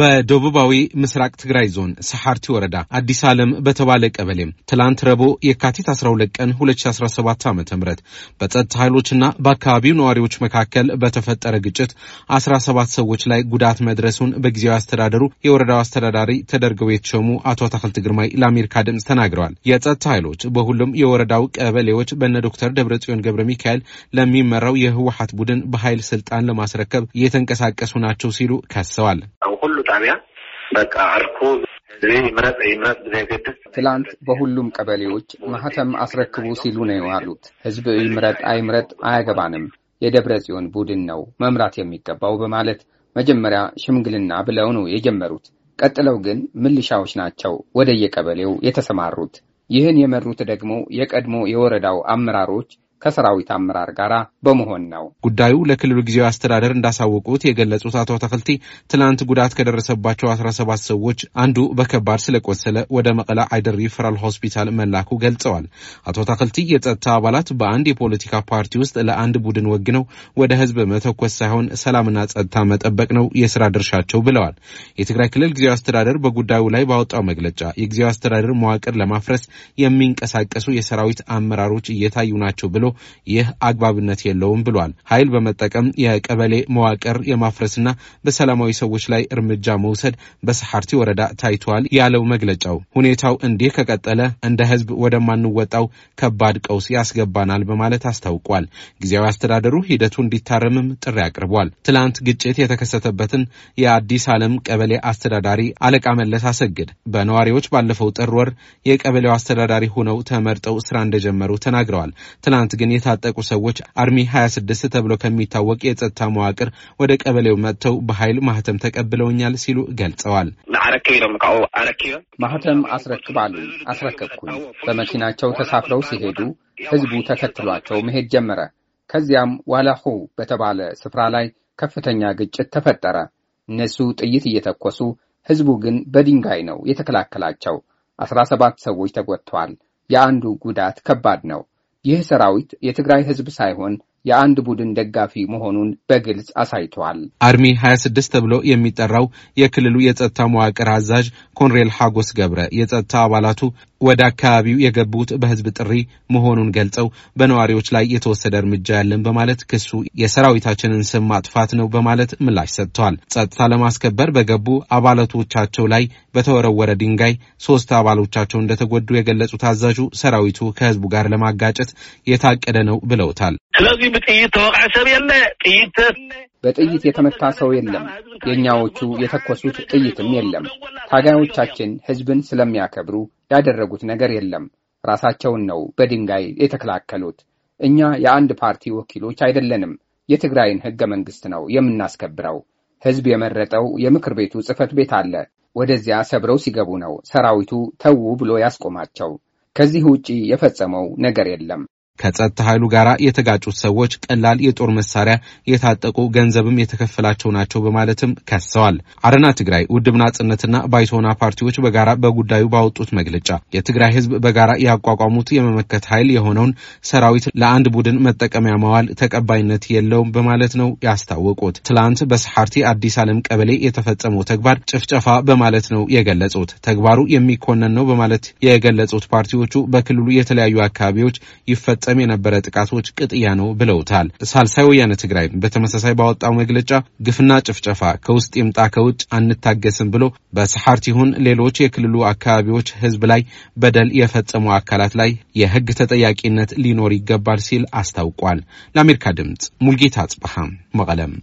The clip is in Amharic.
በደቡባዊ ምስራቅ ትግራይ ዞን ሰሓርቲ ወረዳ አዲስ ዓለም በተባለ ቀበሌ ትላንት ረቡዕ የካቲት 12 ቀን 2017 ዓ ም በጸጥታ ኃይሎችና በአካባቢው ነዋሪዎች መካከል በተፈጠረ ግጭት 17 ሰዎች ላይ ጉዳት መድረሱን በጊዜያዊ አስተዳደሩ የወረዳው አስተዳዳሪ ተደርገው የተሾሙ አቶ አታክልት ግርማይ ለአሜሪካ ድምፅ ተናግረዋል። የጸጥታ ኃይሎች በሁሉም የወረዳው ቀበሌዎች በነ ዶክተር ደብረጽዮን ገብረ ሚካኤል ለሚመራው የህወሀት ቡድን በኃይል ስልጣን ለማስረከብ እየተንቀሳቀሱ ናቸው ሲሉ ከሰዋል። ጣቢያ በቃ አርኮ ትላንት በሁሉም ቀበሌዎች ማህተም አስረክቡ ሲሉ ነው ያሉት። ህዝብ ይምረጥ አይምረጥ አያገባንም፣ የደብረ ጽዮን ቡድን ነው መምራት የሚገባው በማለት መጀመሪያ ሽምግልና ብለው ነው የጀመሩት። ቀጥለው ግን ምልሻዎች ናቸው ወደየቀበሌው የተሰማሩት። ይህን የመሩት ደግሞ የቀድሞ የወረዳው አመራሮች ከሰራዊት አመራር ጋር በመሆን ነው። ጉዳዩ ለክልሉ ጊዜያዊ አስተዳደር እንዳሳወቁት የገለጹት አቶ ተክልቲ ትናንት ጉዳት ከደረሰባቸው 17 ሰዎች አንዱ በከባድ ስለቆሰለ ወደ መቀለ አይደር ሪፈራል ሆስፒታል መላኩ ገልጸዋል። አቶ ተክልቲ የጸጥታ አባላት በአንድ የፖለቲካ ፓርቲ ውስጥ ለአንድ ቡድን ወግነው ወደ ህዝብ መተኮስ ሳይሆን ሰላምና ጸጥታ መጠበቅ ነው የስራ ድርሻቸው ብለዋል። የትግራይ ክልል ጊዜያዊ አስተዳደር በጉዳዩ ላይ ባወጣው መግለጫ የጊዜያዊ አስተዳደር መዋቅር ለማፍረስ የሚንቀሳቀሱ የሰራዊት አመራሮች እየታዩ ናቸው ብሎ ይህ አግባብነት የለውም ብሏል። ኃይል በመጠቀም የቀበሌ መዋቅር የማፍረስና በሰላማዊ ሰዎች ላይ እርምጃ መውሰድ በሰሓርቲ ወረዳ ታይቷል ያለው መግለጫው ሁኔታው እንዲህ ከቀጠለ እንደ ህዝብ ወደማንወጣው ከባድ ቀውስ ያስገባናል በማለት አስታውቋል። ጊዜያዊ አስተዳደሩ ሂደቱ እንዲታረምም ጥሪ አቅርቧል። ትላንት ግጭት የተከሰተበትን የአዲስ ዓለም ቀበሌ አስተዳዳሪ አለቃ መለስ አሰግድ በነዋሪዎች ባለፈው ጥር ወር የቀበሌው አስተዳዳሪ ሆነው ተመርጠው ስራ እንደጀመሩ ተናግረዋል። ትላንት ግን የታጠቁ ሰዎች አርሚ 26 ተብሎ ከሚታወቅ የጸጥታ መዋቅር ወደ ቀበሌው መጥተው በኃይል ማህተም ተቀብለውኛል ሲሉ ገልጸዋል። ማህተም አስረክባሉ አስረከብኩኝ። በመኪናቸው ተሳፍረው ሲሄዱ ህዝቡ ተከትሏቸው መሄድ ጀመረ። ከዚያም ዋላሁ በተባለ ስፍራ ላይ ከፍተኛ ግጭት ተፈጠረ። እነሱ ጥይት እየተኮሱ ህዝቡ ግን በድንጋይ ነው የተከላከላቸው። አስራ ሰባት ሰዎች ተጎድተዋል። የአንዱ ጉዳት ከባድ ነው። ይህ ሰራዊት የትግራይ ህዝብ ሳይሆን የአንድ ቡድን ደጋፊ መሆኑን በግልጽ አሳይተዋል። አርሚ 26 ተብሎ የሚጠራው የክልሉ የጸጥታ መዋቅር አዛዥ ኮንሬል ሐጎስ ገብረ የጸጥታ አባላቱ ወደ አካባቢው የገቡት በህዝብ ጥሪ መሆኑን ገልጸው በነዋሪዎች ላይ የተወሰደ እርምጃ ያለን በማለት ክሱ የሰራዊታችንን ስም ማጥፋት ነው በማለት ምላሽ ሰጥተዋል። ጸጥታ ለማስከበር በገቡ አባላቶቻቸው ላይ በተወረወረ ድንጋይ ሶስት አባሎቻቸው እንደተጎዱ የገለጹት አዛዡ ሰራዊቱ ከህዝቡ ጋር ለማጋጨት የታቀደ ነው ብለውታል። ስለዚህ በጥይት ተወቃ ሰብ የለ ጥይት በጥይት የተመታ ሰው የለም። የእኛዎቹ የተኮሱት ጥይትም የለም። ታጋዮቻችን ህዝብን ስለሚያከብሩ ያደረጉት ነገር የለም። ራሳቸውን ነው በድንጋይ የተከላከሉት። እኛ የአንድ ፓርቲ ወኪሎች አይደለንም። የትግራይን ህገ መንግስት ነው የምናስከብረው። ህዝብ የመረጠው የምክር ቤቱ ጽህፈት ቤት አለ። ወደዚያ ሰብረው ሲገቡ ነው ሰራዊቱ ተዉ ብሎ ያስቆማቸው። ከዚህ ውጪ የፈጸመው ነገር የለም። ከጸጥታ ኃይሉ ጋር የተጋጩት ሰዎች ቀላል የጦር መሳሪያ የታጠቁ ገንዘብም የተከፈላቸው ናቸው በማለትም ከሰዋል። አረና ትግራይ፣ ውድብ ናጽነትና ባይቶና ፓርቲዎች በጋራ በጉዳዩ ባወጡት መግለጫ የትግራይ ሕዝብ በጋራ ያቋቋሙት የመመከት ኃይል የሆነውን ሰራዊት ለአንድ ቡድን መጠቀሚያ መዋል ተቀባይነት የለውም በማለት ነው ያስታወቁት። ትላንት በሰሓርቲ አዲስ ዓለም ቀበሌ የተፈጸመው ተግባር ጭፍጨፋ በማለት ነው የገለጹት። ተግባሩ የሚኮነን ነው በማለት የገለጹት ፓርቲዎቹ በክልሉ የተለያዩ አካባቢዎች ይፈ ሲፈጸም የነበረ ጥቃቶች ቅጥያ ነው ብለውታል። ሳልሳይ ወያነ ትግራይ በተመሳሳይ ባወጣው መግለጫ ግፍና ጭፍጨፋ ከውስጥ ይምጣ ከውጭ አንታገስም ብሎ በሰሓርት ይሁን ሌሎች የክልሉ አካባቢዎች ህዝብ ላይ በደል የፈጸሙ አካላት ላይ የህግ ተጠያቂነት ሊኖር ይገባል ሲል አስታውቋል። ለአሜሪካ ድምፅ ሙልጌታ አጽበሃ መቀለም